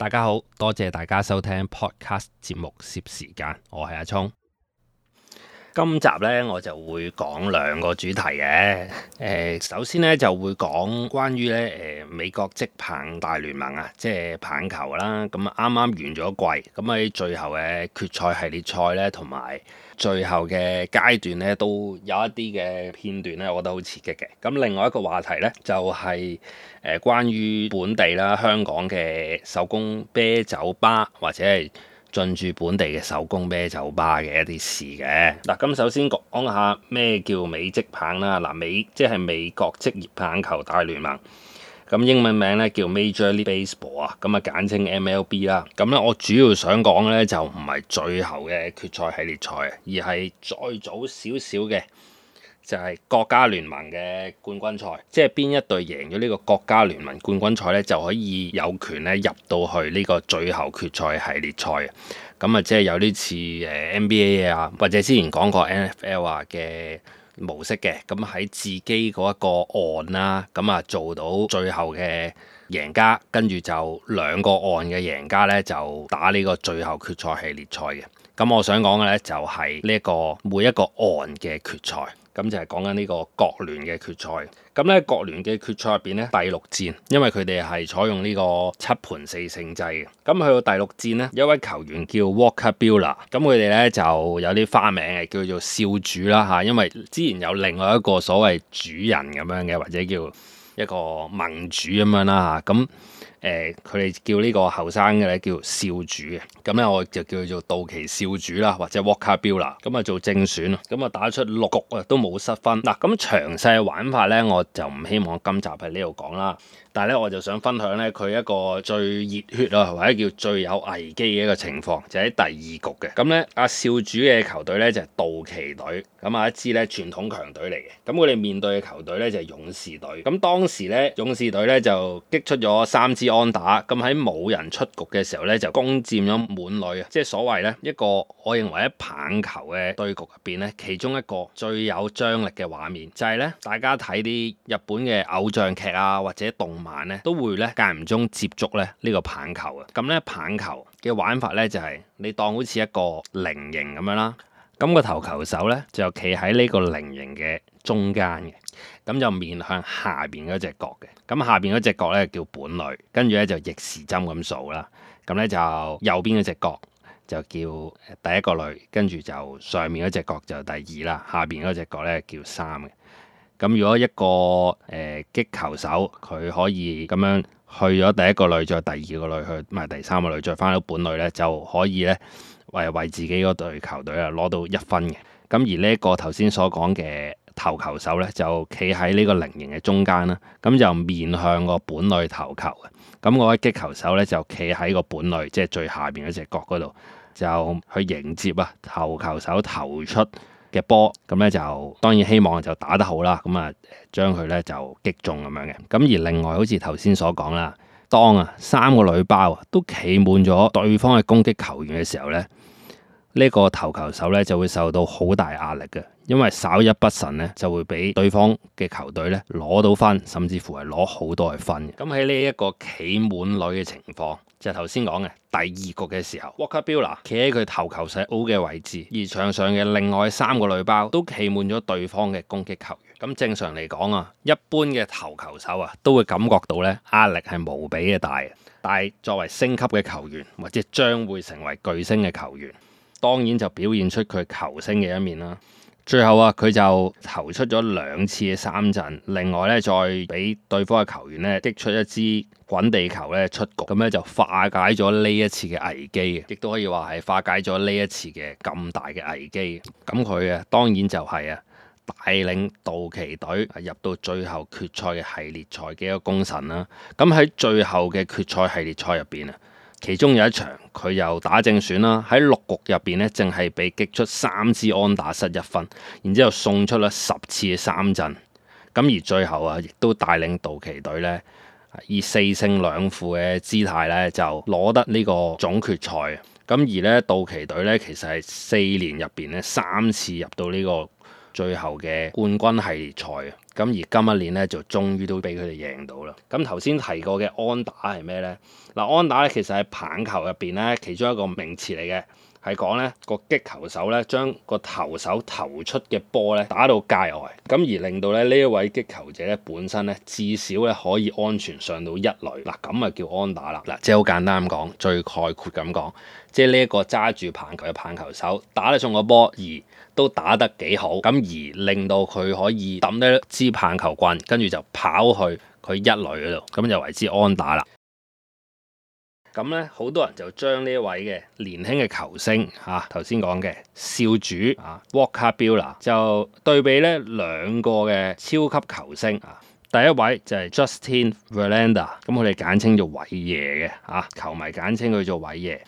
大家好，多謝大家收聽 Podcast 節目攝時間，我係阿聰。今集呢，我就會講兩個主題嘅、啊，誒、呃、首先呢，就會講關於呢誒美國職棒大聯盟啊，即係棒球啦，咁啱啱完咗季，咁喺最後嘅決賽系列賽呢，同埋最後嘅階段呢，都有一啲嘅片段呢，我覺得好刺激嘅。咁另外一個話題呢，就係、是、誒、呃、關於本地啦，香港嘅手工啤酒吧或者係，進駐本地嘅手工啤酒吧嘅一啲事嘅。嗱，咁首先講下咩叫美職棒啦，嗱，美即係美國職業棒球大聯盟，咁英文名咧叫 Major League Baseball 啊，咁啊簡稱 MLB 啦，咁咧我主要想講咧就唔係最後嘅決賽系列賽，而係再早少少嘅。就係國家聯盟嘅冠軍賽，即係邊一隊贏咗呢個國家聯盟冠軍賽呢，就可以有權咧入到去呢個最後決賽系列賽啊。咁啊，即係有啲似誒 NBA 啊，或者之前講過 NFL 啊嘅模式嘅。咁喺自己嗰一個案啦，啊，咁啊做到最後嘅贏家，跟住就兩個案嘅贏家呢，就打呢個最後決賽系列賽嘅。咁我想講嘅呢，就係呢一個每一個案嘅決賽。咁就係講緊呢個國聯嘅決賽，咁咧國聯嘅決賽入邊咧第六戰，因為佢哋係採用呢個七盤四勝制嘅，咁去到第六戰咧，有一位球員叫 Walker Buehler，咁佢哋咧就有啲花名嘅，叫做少主啦嚇，因為之前有另外一個所謂主人咁樣嘅，或者叫一個盟主咁樣啦嚇，咁。誒佢哋叫個呢個後生嘅咧叫少主嘅，咁咧我就叫佢做道奇少主啦，或者沃卡彪啦，咁啊做正選咯，咁啊打出六局啊都冇失分嗱，咁詳細嘅玩法咧我就唔希望今集喺呢度講啦，但係咧我就想分享咧佢一個最熱血啊或者叫最有危機嘅一個情況，就喺、是、第二局嘅，咁咧阿少主嘅球隊咧就係、是、道奇隊，咁啊一支咧傳統強隊嚟嘅，咁佢哋面對嘅球隊咧就係、是、勇士隊，咁當時咧勇士隊咧就擊出咗三支。安打。咁喺冇人出局嘅時候咧，就攻佔咗滿壘啊！即係所謂咧一個，我認為喺棒球嘅對局入邊咧，其中一個最有張力嘅畫面就係咧，大家睇啲日本嘅偶像劇啊，或者動漫咧，都會咧間唔中接觸咧呢個棒球啊！咁咧棒球嘅玩法咧就係你當好似一個菱形咁樣啦。咁個投球手咧就企喺呢個菱形嘅中間嘅，咁就面向下邊嗰隻角嘅。咁下邊嗰隻角咧叫本壘，跟住咧就逆時針咁數啦。咁咧就右邊嗰隻角就叫第一個壘，跟住就上面嗰隻角就第二啦，下邊嗰隻角咧叫三嘅。咁如果一個誒、呃、擊球手佢可以咁樣去咗第一個壘再第二個壘去，唔係第三個壘再翻到本壘咧，就可以咧。為為自己嗰隊球隊啊攞到一分嘅，咁而呢一個頭先所講嘅投球手咧，就企喺呢個菱形嘅中間啦，咁就面向個本壘投球嘅，咁嗰位擊球手咧就企喺個本壘，即係最下邊嗰隻角嗰度，就去迎接啊投球手投出嘅波，咁咧就當然希望就打得好啦，咁啊將佢咧就擊中咁樣嘅，咁而另外好似頭先所講啦，當啊三個壘包啊都企滿咗對方嘅攻擊球員嘅時候咧。呢個投球手咧就會受到好大壓力嘅，因為稍一不慎咧就會俾對方嘅球隊咧攞到分，甚至乎係攞好多嘅分。咁喺呢一個企滿壘嘅情況，就頭先講嘅第二局嘅時候，Walker Buehler 企喺佢投球手 O 嘅位置，而場上嘅另外三個壘包都企滿咗對方嘅攻擊球員。咁正常嚟講啊，一般嘅投球手啊都會感覺到咧壓力係無比嘅大，但係作為升級嘅球員或者將會成為巨星嘅球員。當然就表現出佢球星嘅一面啦。最後啊，佢就投出咗兩次嘅三振，另外咧再俾對方嘅球員咧擊出一支滾地球咧出局，咁咧就化解咗呢一次嘅危機，亦都可以話係化解咗呢一次嘅咁大嘅危機。咁佢啊，當然就係啊，帶領道奇隊入到最後決賽嘅系列賽嘅一個功臣啦。咁喺最後嘅決賽系列賽入邊啊。其中有一場，佢又打正選啦，喺六局入邊咧，淨係被擊出三支安打失一分，然之後送出啦十次三振，咁而最後啊，亦都帶領道奇隊咧以四勝兩負嘅姿態咧就攞得呢個總決賽。咁而咧道奇隊咧其實係四年入邊咧三次入到呢個最後嘅冠軍系列賽。咁而今一年咧，就終於都俾佢哋贏到啦。咁頭先提過嘅安打係咩咧？嗱，安打咧其實係棒球入邊咧其中一個名詞嚟嘅。係講咧個擊球手咧將個投手投出嘅波咧打到界外，咁而令到咧呢一位擊球者咧本身咧至少咧可以安全上到一壘嗱，咁啊叫安打啦嗱，即係好簡單咁講，最概括咁講，即係呢一個揸住棒球嘅棒球手打得上個波而都打得幾好，咁而令到佢可以揼低支棒球棍，跟住就跑去佢一壘嗰度，咁就為之安打啦。咁咧，好多人就將呢一位嘅年輕嘅球星嚇，頭先講嘅少主啊，Walker Buehler 就對比咧兩個嘅超級球星啊，第一位就係 Justin Verlander，咁、啊、佢哋簡稱做偉爺嘅嚇，球迷簡稱佢做偉爺。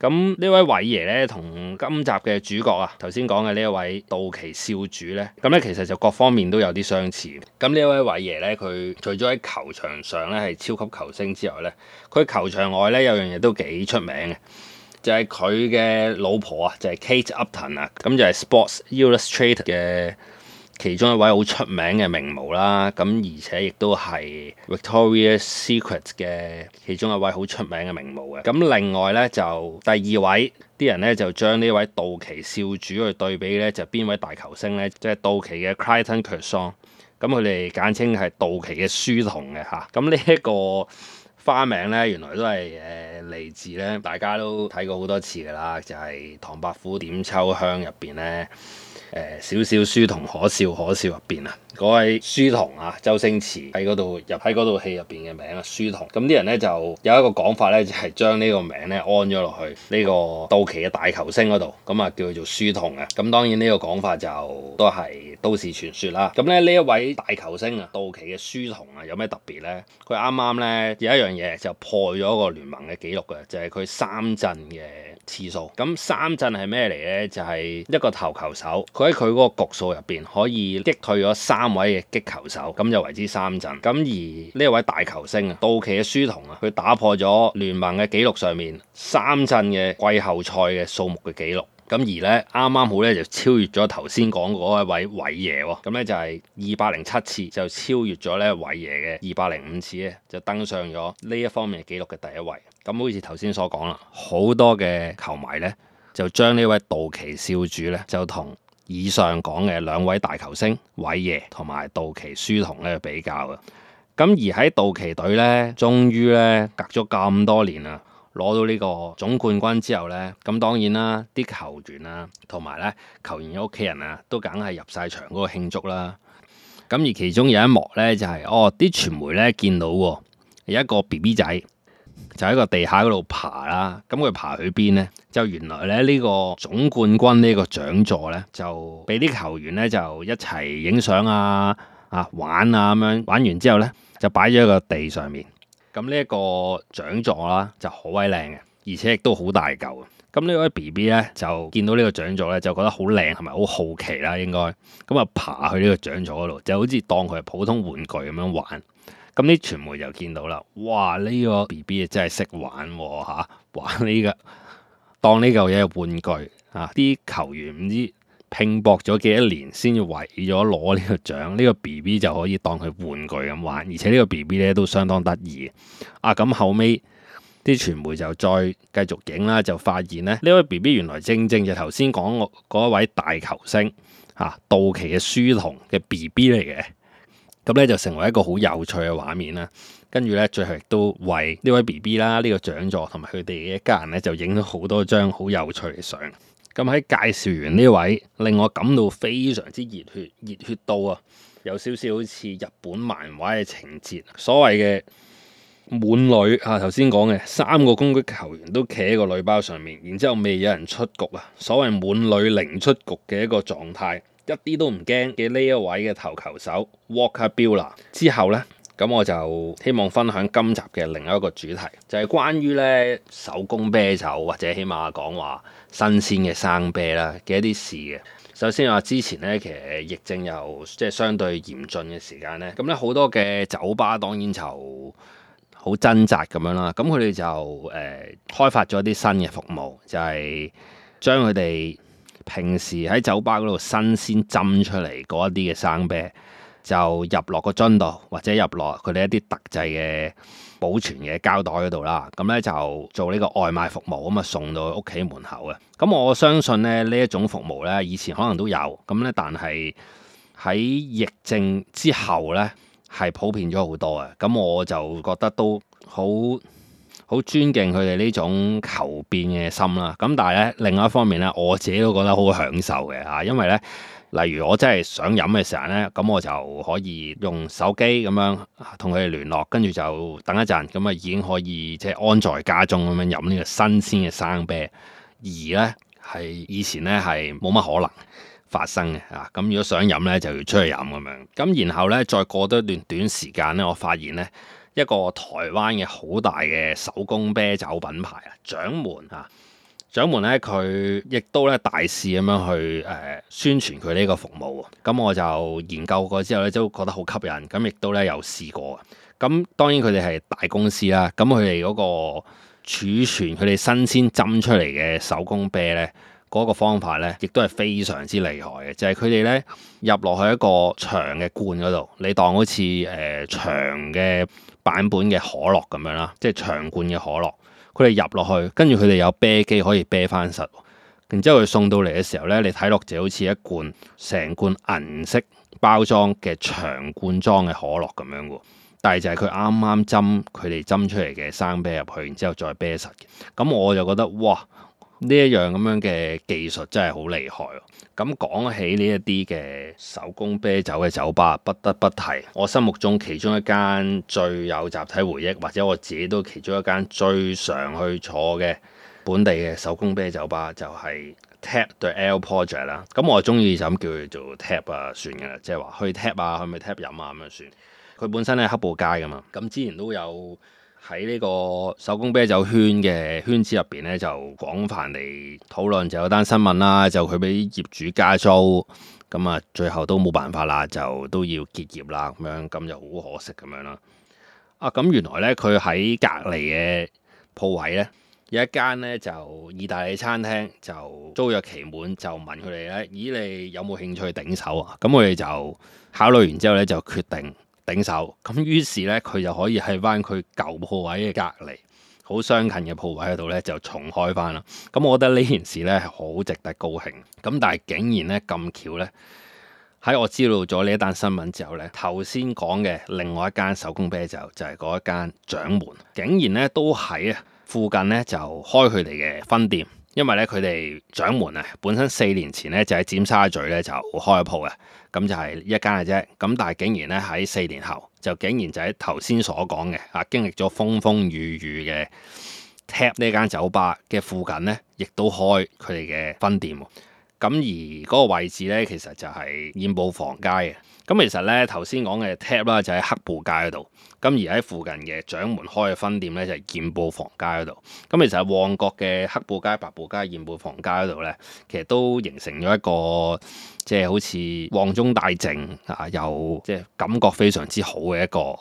咁呢位偉爺咧，同今集嘅主角啊，頭先講嘅呢一位道奇少主咧，咁咧其實就各方面都有啲相似。咁呢位偉爺咧，佢除咗喺球場上咧係超級球星之外咧，佢球場外咧有樣嘢都幾出名嘅，就係佢嘅老婆啊，就係 Kate Upton 啊，咁就係 Sports Illustrated 嘅。其中一位好出名嘅名模啦，咁而且亦都係 Victoria’s Secret 嘅其中一位好出名嘅名模嘅。咁另外呢，就第二位，啲人呢，就將呢位道奇少主去對比呢，就邊位大球星呢？即係道奇嘅 Clayton Kershaw，咁佢哋簡稱係道奇嘅書童嘅嚇。咁呢一個花名呢，原來都係誒嚟自咧，大家都睇過好多次㗎啦，就係、是、唐伯虎點秋香入邊呢。誒少少書童可笑可笑入邊啊，嗰位書童啊，周星馳喺度入喺嗰套戲入邊嘅名啊，書童。咁啲人咧就有一個講法咧，就係將呢個名咧安咗落去呢、呢個道奇嘅大球星嗰度，咁啊叫做書童嘅、啊，咁當然呢個講法就都係。都市傳説啦，咁咧呢一位大球星啊，道奇嘅書童啊，有咩特別呢？佢啱啱呢有一樣嘢就破咗個聯盟嘅記錄嘅，就係、是、佢三陣嘅次數。咁三陣係咩嚟呢？就係、是、一個投球手，佢喺佢嗰個局數入邊可以擊退咗三位嘅擊球手，咁就為之三陣。咁而呢一位大球星啊，道奇嘅書童啊，佢打破咗聯盟嘅記錄上面三陣嘅季後賽嘅數目嘅記錄。咁而咧，啱啱好咧就超越咗頭先講嗰一位偉爺喎，咁咧就係二百零七次就超越咗咧偉爺嘅二百零五次咧，就登上咗呢一方面記錄嘅第一位。咁好似頭先所講啦，好多嘅球迷咧就將呢位道奇少主咧就同以上講嘅兩位大球星偉爺同埋道奇書童咧比較啊。咁而喺道奇隊咧，終於咧隔咗咁多年啦。攞到呢個總冠軍之後呢，咁當然啦，啲球員啊，同埋呢球員嘅屋企人啊，都梗係入晒場嗰個慶祝啦。咁而其中有一幕呢，就係哦啲傳媒呢見到有一個 BB 仔就喺個地下嗰度爬啦。咁佢爬去邊呢？就原來咧呢個總冠軍呢個獎座呢，就俾啲球員呢就一齊影相啊，啊玩啊，咁樣玩完之後呢，就擺咗喺個地上面。咁、這個、呢一個獎座啦，就好鬼靚嘅，而且亦都好大嚿。咁呢位 B B 咧就見到呢個獎座咧，就覺得好靚，係咪好好奇啦？應該咁啊，爬去呢個獎座嗰度，就好似當佢係普通玩具咁樣玩。咁啲傳媒就見到啦，哇！呢、這個 B B 真係識玩喎、啊、嚇，玩呢、這個當呢嚿嘢係玩具啊！啲球員唔知。拼搏咗幾多年先要為咗攞呢個獎，呢、呢個 B B 就可以當佢玩具咁玩，而且個 BB 呢個 B B 咧都相當得意啊！咁後尾啲傳媒就再繼續影啦，就發現咧呢位 B B 原來正正就頭先講嗰一位大球星道奇嘅書童嘅 B B 嚟嘅，咁咧就成為一個好有趣嘅畫面啦。跟住咧最後亦都為呢位 B B 啦，呢個獎座同埋佢哋嘅一家人咧就影咗好多張好有趣嘅相。咁喺介紹完呢位，令我感到非常之熱血，熱血到啊，有少少好似日本漫畫嘅情節。所謂嘅滿壘，啊，頭先講嘅三個攻擊球員都企喺個壘包上面，然之後未有人出局啊。所謂滿壘零出局嘅一個狀態，一啲都唔驚嘅呢一位嘅投球手 Walker Buehler 之後呢。咁我就希望分享今集嘅另一個主題，就係、是、關於呢手工啤酒或者起碼講話新鮮嘅生啤啦嘅一啲事嘅。首先話之前呢，其實疫症又即係相對嚴峻嘅時間呢，咁呢好多嘅酒吧當然就好掙扎咁樣啦。咁佢哋就誒、呃、開發咗啲新嘅服務，就係將佢哋平時喺酒吧嗰度新鮮斟出嚟嗰一啲嘅生啤。就入落個樽度，或者入落佢哋一啲特製嘅保存嘅膠袋嗰度啦。咁咧就做呢個外賣服務，咁啊送到屋企門口嘅。咁我相信咧呢一種服務咧以前可能都有，咁咧但係喺疫症之後咧係普遍咗好多呀。咁我就覺得都好好尊敬佢哋呢種求變嘅心啦。咁但係咧另外一方面咧，我自己都覺得好享受嘅啊，因為咧。例如我真係想飲嘅時候呢，咁我就可以用手機咁樣同佢哋聯絡，跟住就等一陣，咁啊已經可以即係安在家中咁樣飲呢個新鮮嘅生啤，而呢係以前呢係冇乜可能發生嘅啊！咁如果想飲呢，就要出去飲咁樣，咁然後呢，再過多一段短時間呢，我發現呢一個台灣嘅好大嘅手工啤酒品牌啊，掌門啊！掌門咧，佢亦都咧大肆咁樣去誒、呃、宣傳佢呢個服務喎。咁、嗯、我就研究過之後咧，都覺得好吸引。咁、嗯、亦都咧有試過。咁、嗯、當然佢哋係大公司啦。咁佢哋嗰個儲存佢哋新鮮斟出嚟嘅手工啤咧，嗰、那個方法咧，亦都係非常之厲害嘅。就係佢哋咧入落去一個長嘅罐嗰度，你當好似誒長嘅版本嘅可樂咁樣啦，即係長罐嘅可樂。佢哋入落去，跟住佢哋有啤機可以啤翻實，然之後佢送到嚟嘅時候咧，你睇落就好似一罐成罐銀色包裝嘅長罐裝嘅可樂咁樣喎，但係就係佢啱啱斟佢哋斟出嚟嘅生啤入去，然之後再啤實嘅，咁我就覺得哇！呢一樣咁樣嘅技術真係好厲害喎！咁講起呢一啲嘅手工啤酒嘅酒吧，不得不提我心目中其中一間最有集體回憶，或者我自己都其中一間最常去坐嘅本地嘅手工啤酒吧，就係、是、Tap the Ale Project 啦。咁我中意就咁叫佢做 Tap 啊，算嘅啦，即係話去 Tap 啊，去咪 Tap 飲啊咁樣算。佢本身咧黑布街噶嘛，咁之前都有。喺呢個手工啤酒圈嘅圈子入邊咧，就廣泛嚟討論，就有單新聞啦，就佢俾業主加租，咁啊，最後都冇辦法啦，就都要結業啦，咁樣咁就好可惜咁樣啦。啊，咁原來咧，佢喺隔離嘅鋪位咧，有一間咧就意大利餐廳，就租約期滿，就問佢哋咧，咦你有冇興趣頂手啊？咁我哋就考慮完之後咧，就決定。頂手咁，於是咧佢就可以喺翻佢舊鋪位嘅隔離，好相近嘅鋪位嗰度咧就重開翻啦。咁我覺得呢件事咧係好值得高興。咁但係竟然咧咁巧咧，喺我知道咗呢一單新聞之後咧，頭先講嘅另外一間手工啤酒就係嗰一間掌門，竟然咧都喺啊附近咧就開佢哋嘅分店。因為咧，佢哋掌門啊，本身四年前咧就喺尖沙咀咧就開鋪嘅咁就係一間嘅啫。咁但係竟然咧喺四年後，就竟然就喺頭先所講嘅啊，經歷咗風風雨雨嘅，tap 呢間酒吧嘅附近咧，亦都開佢哋嘅分店。咁而嗰個位置咧，其實就係染布房街嘅。咁其實咧，頭先講嘅 tap 啦，就喺黑布街嗰度。咁而喺附近嘅掌門開嘅分店咧，就係、是、染布房街嗰度。咁其實旺角嘅黑布街、白布街、染布房街嗰度咧，其實都形成咗一個即係、就是、好似旺中帶靜啊，又即係感覺非常之好嘅一個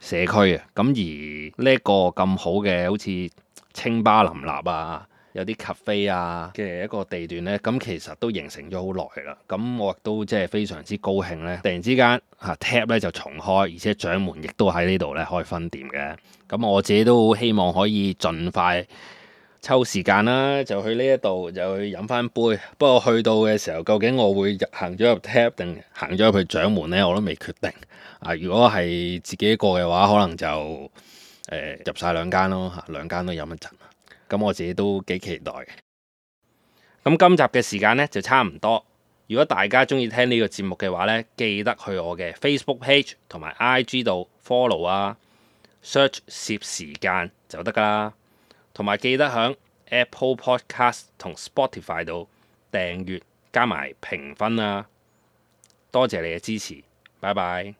社區啊。咁而呢一個咁好嘅，好似清吧林立啊。有啲咖啡啊嘅一個地段呢，咁其實都形成咗好耐啦。咁我亦都即係非常之高興呢。突然之間嚇 tap 咧就重開，而且掌門亦都喺呢度呢開分店嘅。咁我自己都希望可以盡快抽時間啦，就去呢一度就去飲返杯。不過去到嘅時候，究竟我會行咗入 tap 定行咗入去掌門呢，我都未決定。啊，如果係自己一個嘅話，可能就誒、呃、入晒兩間咯，嚇兩間都飲一陣。咁我自己都幾期待嘅。咁今集嘅時間呢就差唔多。如果大家鍾意聽呢個節目嘅話呢，記得去我嘅 Facebook page 同埋 IG 度 follow 啊，search 攝時間就得㗎啦。同埋記得響 Apple Podcast 同 Spotify 度訂閱加埋評分啊！多謝你嘅支持，拜拜。